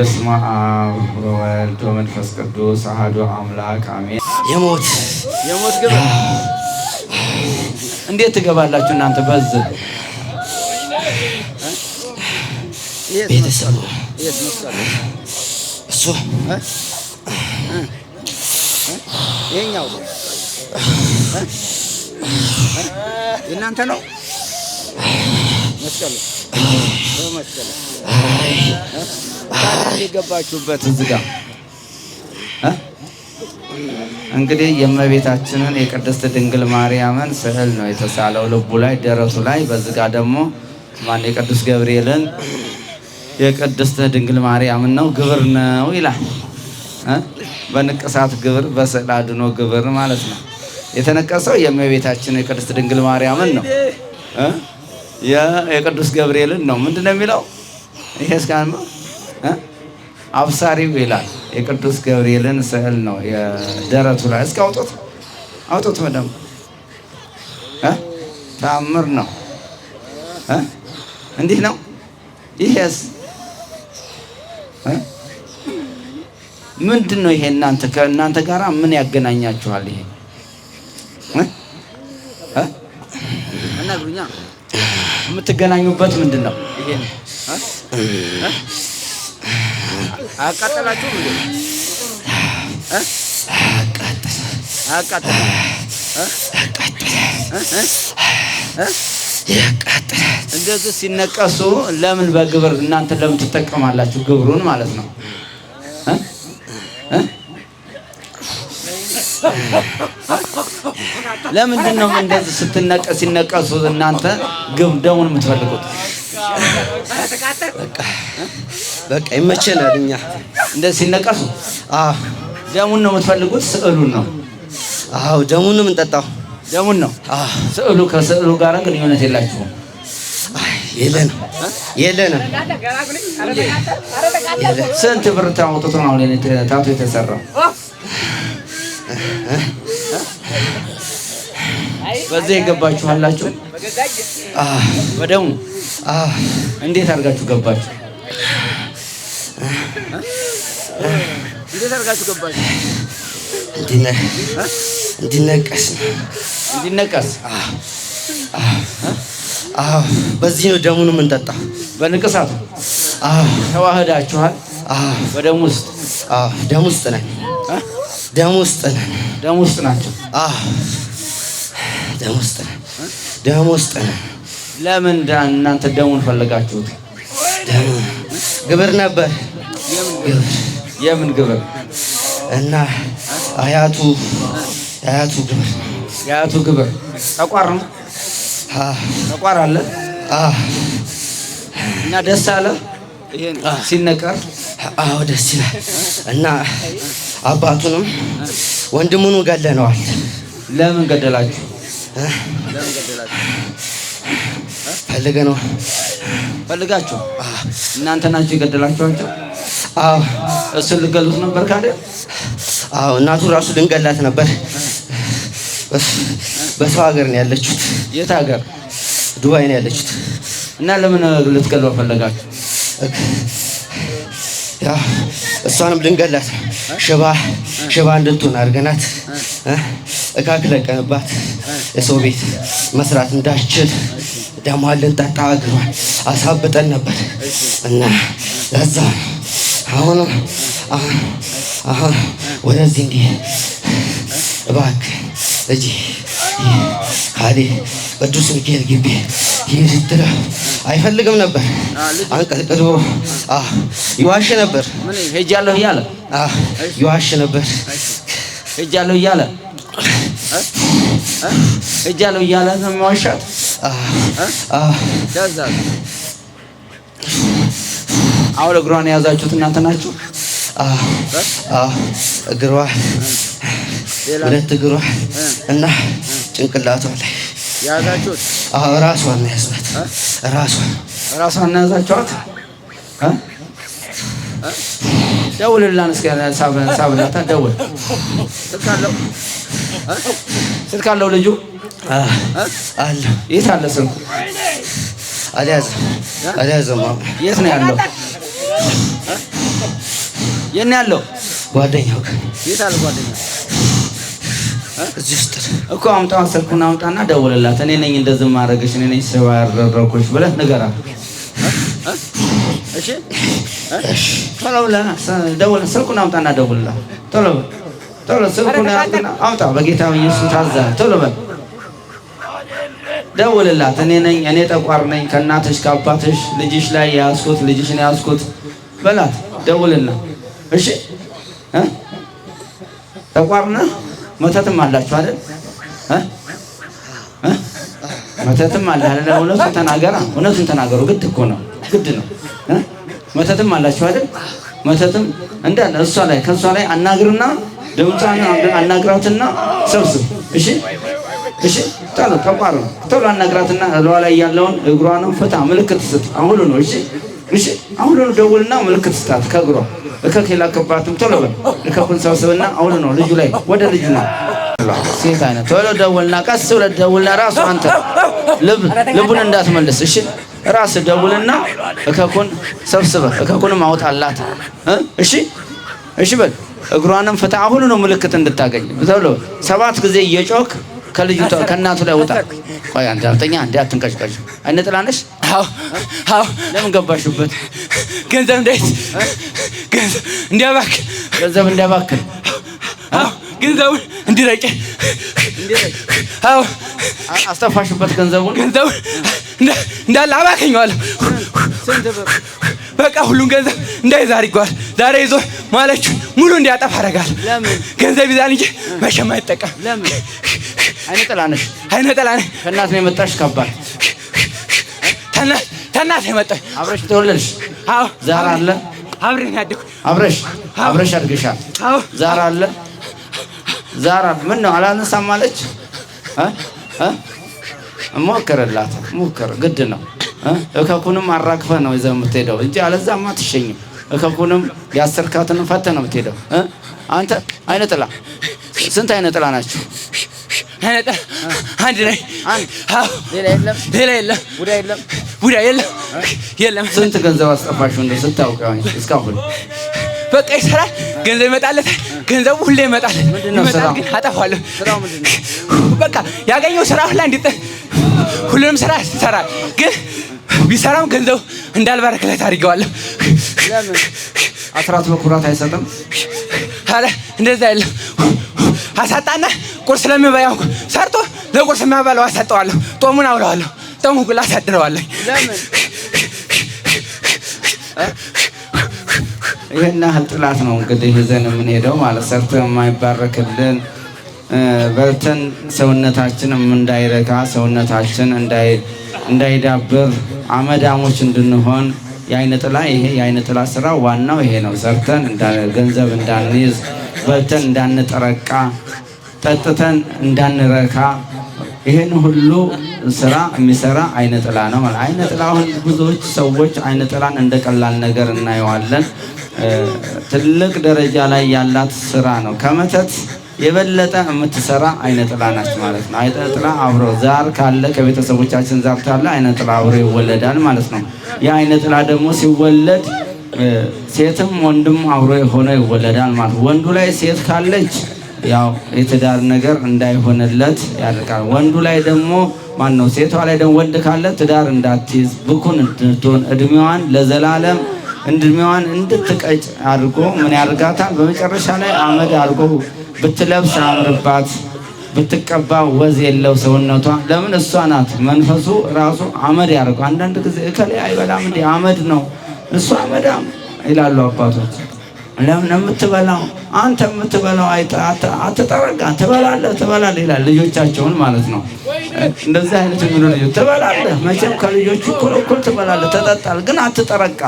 በስመ አብ ወወልድ ወመንፈስ ቅዱስ አሐዱ አምላክ አሜን። የሞት የሞት ገባ እንዴት ትገባላችሁ እናንተ? በዝ ቤተሰቡ እሱ ይኸኛው የእናንተ ነው። የገባችሁበት እዚጋ እንግዲህ የእመቤታችንን የቅድስት ድንግል ማርያምን ስዕል ነው የተሳለው ልቡ ላይ ደረቱ ላይ። በዚጋ ደግሞ ማን የቅዱስ ገብርኤልን የቅድስት ድንግል ማርያምን ነው። ግብር ነው ይላል። በንቅሳት ግብር፣ በስዕል አድኖ ግብር ማለት ነው። የተነቀሰው የእመቤታችንን የቅድስት ድንግል ማርያምን ነው። የቅዱስ ገብርኤልን ነው። ምንድን ነው የሚለው? ይሄ እስካሁን አብሳሪው ይላል። የቅዱስ ገብርኤልን ስዕል ነው የደረቱ ላይ። እስኪ አውጡት፣ አውጡት በደምብ ተአምር ነው። እንዲህ ነው። ይሄስ ምንድን ነው? ይሄ እናንተ ከእናንተ ጋር ምን ያገናኛችኋል? ይሄ የምትገናኙበት ምንድን ነው? አቃጠላችሁ? እንደዚህ ሲነቀሱ ለምን በግብር እናንተ ለምን ትጠቀማላችሁ? ግብሩን ማለት ነው። ለምንድን ነው እንደዚህ ስትነቀ ሲነቀሱ እናንተ ግብ ደሙን የምትፈልጉት? በቃ ይመቸናል። እኛ እንደዚህ ሲነቀሱ ደሙን ነው የምትፈልጉት? ስዕሉን ነው? አዎ ደሙን ነው የምንጠጣው። ደሙን ነው ስዕሉ። ከስዕሉ ጋር ግንኙነት የላችሁም? የለንም፣ የለንም። ስንት ብር ታውጡት ነው ታቱ የተሰራው? በዚህ የገባችሁ አላችሁ። በደሙ እንዴት አድርጋችሁ ገባችሁ? እንዲነቀስ እንዲነቀስ በዚህ ነው ደሙን የምንጠጣ። በንቅሳቱ ተዋህዳችኋል። በደም ውስጥ ደም ውስጥ ነን። ደም ውስጥ ነን። ደም ውስጥ ናቸው። ደም ውስጥ ነው፣ ለምን እናንተ ደሙን ፈለጋችሁት? ግብር ነበር። የምን ግብር? እና አያቱ የአያቱ ግብር የአያቱ ግብር ተቋር ነው። ተቋር አለ እና ደስ አለ ሲነቀር። አዎ ደስ ይላል። እና አባቱንም ወንድሙን ገለነዋል። ለምን ገደላችሁ? ፈልገ ነው ፈልጋችሁ እናንተ ናችሁ የገደላችኋቸው? አዎ እሱን ልገሉት ነበር ካደ አዎ እናቱ ራሱ ልንገላት ነበር። በሰው ሀገር ነው ያለችሁት? የት ሀገር? ዱባይ ነው ያለችሁት። እና ለምን ልትገሉ ፈለጋችሁ? እሷንም ልንገላት ሽባ ሽባ እንድትሆን አድርገናት እካክ ለቀንባት የሰው ቤት መስራት እንዳችል ደሟን ልንጠጣ እግሯን አሳብጠን ነበር እና ለዛ አሁን አሁን ወደዚህ እንዲህ እባክህ እጂ ካሌ ቅዱስ ሚካኤል ግቢ ይህ ስትለው አይፈልግም ነበር። አንቀጥቅጦ ይዋሽ ነበር። ሄጃለሁ እያለ ይዋሽ ነበር። ሄጃለሁ እያለ እጃለሁ እያለ ነው የሚዋሻት። አሁን እግሯን የያዛችሁት እናንተ ናችሁ። እግሯ ሁለት እግሯ እና ጭንቅላቷ ላይ ያዛችሁት። ራሷን ያዝናት። ራሷን ራሷን ያዛችኋት። ደውልላን እስኪ ሳብላታ ደውል ስልክ አለው ልጁ አለ። የት አለ ስልኩ? አልያዘም የት ነው ያለው? የት ነው ያለው? ጓደኛው የት አለ ጓደኛው? እዚህ ውስጥ እኮ አምጣ፣ ስልኩን አምጣና ደውልላት። እኔ ነኝ እንደዚህ ማድረግሽ፣ እኔ ነኝ ስባ ያደረኩሽ ብለህ ንገራት። እሺ ቶሎ ብለህ ስልኩን አምጣና ደውልላት ቶሎ ቶሎ ስልኩን ያዝና አውጣ። በጌታ ኢየሱስ ታዛል። ቶሎ በል ደውልላት። እኔ ነኝ እኔ ጠቋር ነኝ ከእናትሽ ከአባትሽ ልጅሽ ላይ የያዝኩት ልጅሽን የያዝኩት በላት። ደውልና እሺ ጠቋር ነህ። መተትም አላችሁ አይደል? መተትም አለ አይደል? እውነቱን ተናገራ። እውነቱን ተናገሩ። ግድ እኮ ነው፣ ግድ ነው። መተትም አላችሁ አይደል? መተትም እንዳለ እሷ ላይ ከእሷ ላይ አናግርና ደምቷን አናግራትና ሰብስብ። እሺ እሺ፣ ጣለ ተቋረ ቶሎ አናግራትና እሏ ላይ ያለውን እግሯንም ፍታ፣ ምልክት ስጥ። አሁን ነው እሺ እሺ፣ አሁን ነው ደውልና ምልክት ስጣት ከእግሯ እከክ የላከባትም ቶሎ በል እከኩን ሰብስብና አሁን ነው ልጁ ላይ ወደ ልጁ ነው ሴት አይነት ቶሎ ደውልና፣ ቀስ ብለህ ደውልና ራሱ አንተ ልብ ልቡን እንዳትመልስ እሺ ራስ ደውልና እከኩን ሰብስበህ እከኩንም አውጣላት። እሺ እሺ በል እግሯንም ፍታ። አሁኑ ነው ምልክት እንድታገኝ ተብሎ ሰባት ጊዜ እየጮክ ከልዩ ከእናቱ ላይ ውጣ። ቆይ አንተ ሀብተኛ እንዴ አትንቀጭቀጭ። አይነ ጥላ ነሽ? አዎ አዎ። ለምን ገባሽበት? ገንዘብ እንዴት ገንዘብ እንዲያባክ ገንዘብ እንዲያባክ አዎ ገንዘቡን እንዲረጭ እንዲረጭ አዎ። አስተፋሽበት ገንዘቡን ገንዘቡን እንዳለ አባከኛዋለሁ። በቃ ሁሉን ገንዘብ እንዳይዝ አድርገዋል። ዛሬ ይዞ ማለችን ሙሉ እንዲያጠፋ አደርጋለሁ። ገንዘብ ይዛል እንጂ መቼም አይጠቀም። አይነ ጥላ አይነ ጥላ ነሽ። ከእናት ነው የመጣሽ ከባድ ተናት የመጣሽ አብረሽ ተወለድሽ። አዎ ዛራ አለ አብረን ያደኩ አብረሽ አብረሽ አድገሻል። አዎ ዛራ አለ ዛራ ምን ነው አላነሳም አለች እ እ ሞክርላት፣ ሞክር ግድ ነው። እከኩንም አራግፈህ ነው ይዘህ የምትሄደው እንጂ አለዛማ አትሸኝም። እከኩንም ያሰርካትንም ፈተህ ነው የምትሄደው። አንተ አይነ ጥላ፣ ስንት አይነ ጥላ ናችሁ? አንድ ነኝ። ሌላ የለም፣ ቡዳ የለም፣ የለም። ስንት ገንዘብ አስጠፋሽ እንደ ስታውቅ እስካሁን በቃ ይሰራል። ገንዘብ ይመጣለታል። ገንዘቡ ሁሌ ይመጣል። ይመጣል ግን አጠፋዋለሁ። በቃ ያገኘው ስራ ሁላ እንዲጠ ሁሉንም ስራ ይሰራል። ግን ቢሰራም ገንዘቡ እንዳልባረክለት አድርገዋለሁ። አስራት በኩራት አይሰጥም። አረ እንደዛ የለም። አሳጣና ቁርስ ለሚበያው ሰርቶ ለቁርስ የሚያበላው አሳጠዋለሁ። ጦሙን አውለዋለሁ። ጦሙ ጉላ አሳድረዋለሁ። ይህን ያህል ጥላት ነው እንግዲህ ይዘን የምንሄደው ማለት ሰርቶ የማይባረክልን በርተን ሰውነታችን እንዳይረካ ሰውነታችን እንዳይዳብር አመዳሞች እንድንሆን የአይነ ጥላ ይሄ የአይነ ጥላ ስራ ዋናው ይሄ ነው። ሰርተን ገንዘብ እንዳንይዝ፣ በልተን እንዳንጠረቃ፣ ጠጥተን እንዳንረካ ይህን ሁሉ ስራ የሚሰራ አይነ ጥላ ነው ማለት። አይነ ጥላ አሁን ብዙዎች ሰዎች አይነ ጥላን እንደ ቀላል ነገር እናየዋለን። ትልቅ ደረጃ ላይ ያላት ስራ ነው ከመተት የበለጠ የምትሰራ አይነ ጥላ ናች ማለት ነው። አይነ ጥላ አብሮ ዛር ካለ ከቤተሰቦቻችን ዛር ካለ አይነ ጥላ አብሮ ይወለዳል ማለት ነው። አይነ ጥላ ደግሞ ሲወለድ ሴትም ወንድም አብሮ የሆነ ይወለዳል ማለት ነው። ወንዱ ላይ ሴት ካለች ያው የትዳር ነገር እንዳይሆንለት ያደርጋል። ወንዱ ላይ ደግሞ ማን ነው ሴቷ ላይ ደግሞ ወንድ ካለ ትዳር እንዳትይዝ ብኩን እንድትሆን እድሜዋን ለዘላለም እድሜዋን እንድትቀጭ አድርጎ ምን ያደርጋታል? በመጨረሻ ላይ አመድ አድርጎ ብትለብስ አምርባት ብትቀባ ወዝ የለው ሰውነቷ። ለምን እሷ ናት መንፈሱ ራሱ አመድ ያደርገው። አንዳንድ ጊዜ እከሌ አይበላም እንዲ አመድ ነው እሷ አመዳም ይላሉ አባቶች። ለምን የምትበላው አንተ የምትበላው አትጠረጋ ትበላለህ ትበላለህ ይላል ልጆቻቸውን ማለት ነው። እንደዚህ አይነት የሚሉ ልጆች ትበላለህ መቼም ከልጆቹ እኩል እኩል ትበላለህ፣ ተጠጣል ግን አትጠረቃ።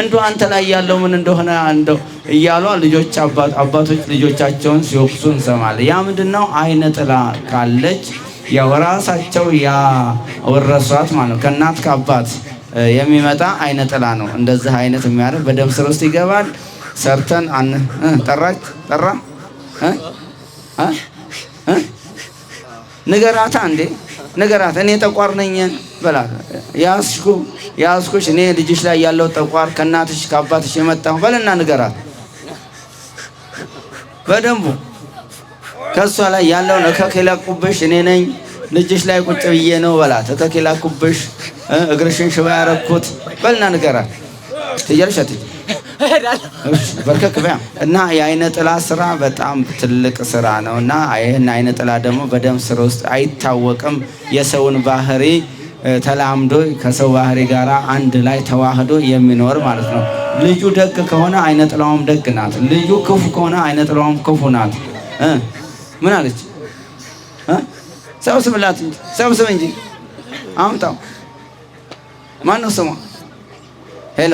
እንዶ አንተ ላይ ያለው ምን እንደሆነ እንደው እያሏ ልጆች አባቶች ልጆቻቸውን ሲወቅሱ እንሰማለን። ያ ምንድነው? አይነ ጥላ ካለች ያው ራሳቸው ያወረሷት ማለት ነው። ከእናት ከአባት የሚመጣ አይነ ጥላ ነው። እንደዚህ አይነት የሚያደርግ በደም ስር ውስጥ ይገባል። ሰርተን ጠራች ጠራ ንገራታ እንዴ ንገራት። እኔ ጠቋር ነኝ በላት። ያዝኩ ያዝኩሽ እኔ ልጅሽ ላይ ያለው ጠቋር ከእናትሽ ከአባትሽ የመጣሁ በልና ንገራት። በደንቡ ከእሷ ላይ ያለውን እከክ የላኩብሽ እኔ ነኝ ልጅሽ ላይ ቁጭ ብዬ ነው በላት። እከክ የላኩብሽ እግርሽን ሽባ ያረኩት በልና ንገራት። ትያለሽ በርከክ በያ እና የአይነ ጥላ ስራ በጣም ትልቅ ስራ ነው እና ይህን አይነ ጥላ ደግሞ በደም ስር ውስጥ አይታወቅም። የሰውን ባህሪ ተላምዶ ከሰው ባህሪ ጋር አንድ ላይ ተዋህዶ የሚኖር ማለት ነው። ልጁ ደግ ከሆነ አይነ ጥላውም ደግ ናት። ልጁ ክፉ ከሆነ አይነ ጥላውም ክፉ ናት። ምን አለች? ሰብስብላት እንጂ ሰብስብ እንጂ አምጣው። ማን ነው ስሟ? ሄሎ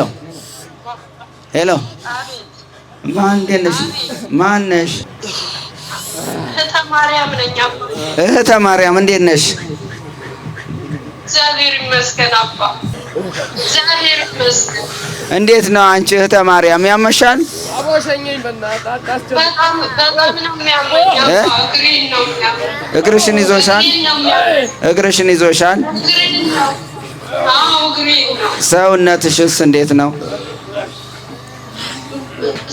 ሄሎ፣ ማን እንዴት ነሽ? ማን ነሽ? እህተ ማርያም እንዴት ነሽ? እግዚአብሔር ይመስገን አባ፣ እግዚአብሔር ይመስገን እንዴት ነው አንቺ እህተ ማርያም ያመሻል? እግርሽን ይዞሻል? እግርሽን ይዞሻል? ሰውነትሽስ እንዴት ነው?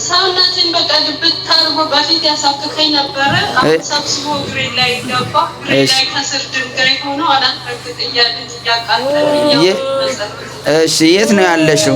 ሰውነትን በቃ ድብት አድርጎ በፊት ያሳክከኝ ነበረ። ሰብስቦ ግሬ ላይ ገባ። ግሬ ላይ ከስር ድንጋይ ሆኖ አላት ረግጥ እያለች እያቃጠለኝ። እሺ የት ነው ያለሽው?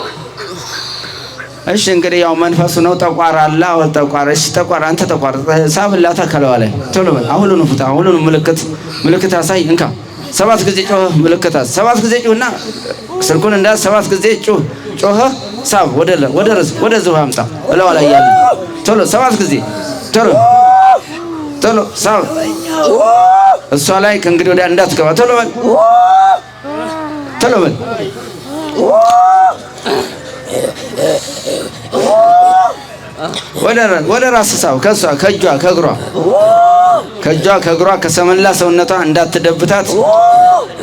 እሺ እንግዲህ ያው መንፈሱ ነው። ጠቋር አለ አሁን ጠቋር። እሺ ጠቋር፣ አንተ ጠቋር ሳብላ ተከለው አለ። ቶሎ በል አሁኑኑ ፍታ፣ አሁኑኑ ምልክት ምልክት አሳይ፣ እንካ። ሰባት ጊዜ ጮህ፣ ምልክት አሳይ። ሰባት ጊዜ ጮህና ስልኩን እንዳ ሰባት ጊዜ ጮህ፣ ጮህ፣ ሳብ፣ ወደ ወደ ወደ ዝው አምጣ እለው ላይ ያለ ቶሎ፣ ሰባት ጊዜ ቶሎ፣ ቶሎ ሳብ። እሷ ላይ ከእንግዲህ ወዲያ እንዳትገባ፣ ቶሎ በል፣ ቶሎ በል ወደ ራስ ሳው ከሷ ከእጇ ከእግሯ ከእጇ ከእግሯ ከሰመላ ሰውነቷ እንዳትደብታት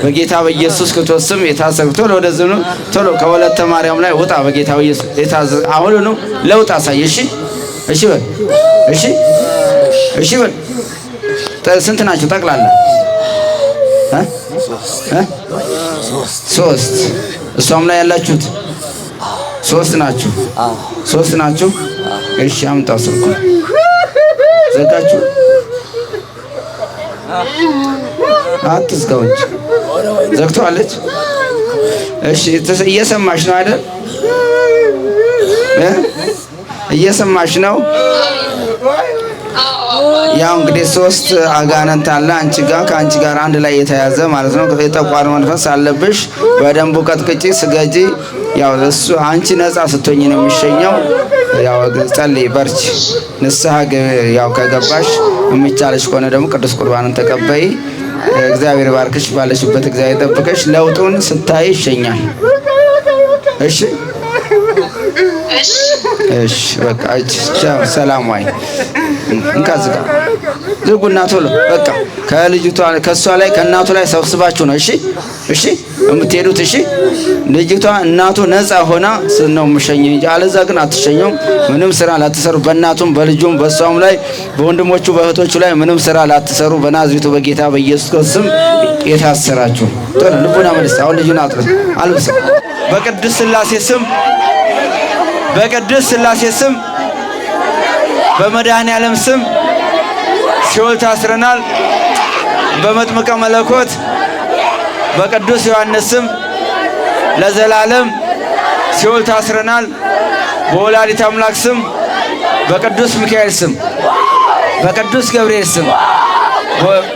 በጌታ በኢየሱስ ስም የታሰብ ቶሎ ወደዚህ ነው። ቶሎ ከወለተ ማርያም ላይ ውጣ። በጌታ በኢየሱስ የታዘ አሁን ነው ለውጥ አሳይ። እሺ፣ እሺ በል እሺ፣ እሺ በል ስንት ናቸው ጠቅላላ? ሶስት እሷም ላይ ያላችሁት ሶስት ናችሁ፣ ሶስት ናችሁ። እሺ አምጣ ስልኩ ዘጋችሁ። አትዝጋው እንጂ ዘግተዋለች። እሺ እየሰማሽ ነው አይደል? እየሰማሽ ነው ያው እንግዲህ ሶስት አጋንንት አለ አንቺ ጋር ከአንቺ ጋር አንድ ላይ የተያዘ ማለት ነው። የጠቋር መንፈስ አለብሽ። በደንቡ ቀጥቅጪ፣ ስገጂ። ያው እሱ አንቺ ነጻ ስትሆኝ ነው የሚሸኘው። ያው ጸልይ፣ በርች፣ ንስሐ ያው ከገባሽ የሚቻለሽ ከሆነ ደግሞ ቅዱስ ቁርባንን ተቀበይ። እግዚአብሔር ባርክሽ፣ ባለሽበት እግዚአብሔር ጠብቀሽ። ለውጡን ስታይ ይሸኛል። እሺ እሺ በቃ ቻው፣ ሰላም ዋይ። እንቃዝቃ ዝጉና ቶሎ በቃ ከልጅቷ ከእሷ ላይ ከእናቱ ላይ ሰብስባችሁ ነው። እሺ እሺ፣ የምትሄዱት እሺ። ልጅቷ እናቱ ነፃ ሆና ነው የምሸኝ እንጂ አለዛ ግን አትሸኘውም። ምንም ስራ ላትሰሩ በእናቱም በልጁም በእሷም ላይ በወንድሞቹ በእህቶቹ ላይ ምንም ስራ ላትሰሩ በናዝሪቱ በጌታ በኢየሱስ ክርስቶስ ስም የታሰራችሁ ቶሎ ልቡና መልስ። አሁን ልጁን አልብሰ በቅዱስ ስላሴ ስም በቅዱስ ስላሴ ስም በመድኃኔ ዓለም ስም ሲኦል ታስረናል። በመጥምቀ መለኮት በቅዱስ ዮሐንስ ስም ለዘላለም ሲኦል ታስረናል። በወላዲት አምላክ ስም በቅዱስ ሚካኤል ስም በቅዱስ ገብርኤል ስም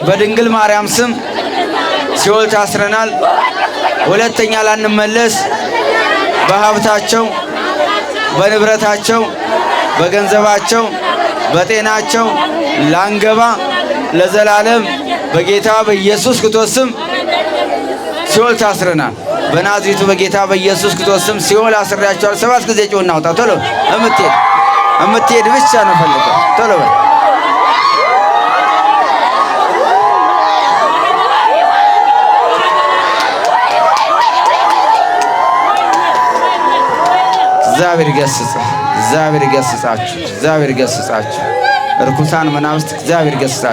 በድንግል ማርያም ስም ሲኦል ታስረናል። ሁለተኛ ላንመለስ በሀብታቸው በንብረታቸው፣ በገንዘባቸው፣ በጤናቸው ላንገባ ለዘላለም በጌታ በኢየሱስ ክርስቶስ ስም ሲኦል ታስረናል። በናዝሬቱ በጌታ በኢየሱስ ክርስቶስ ስም ሲኦል አስሬያቸዋል። ሰባት ጊዜ ጮህ እናውጣ። ቶሎ እምትሄድ እምትሄድ ብቻ ነው ፈልገው ቶሎ በል እግዚአብሔር ይገስጽ፣ እግዚአብሔር ይገስጻችሁ፣ እግዚአብሔር ይገስጻችሁ። እርኩሳን መናፍስት እግዚአብሔር ይገስጻችሁ።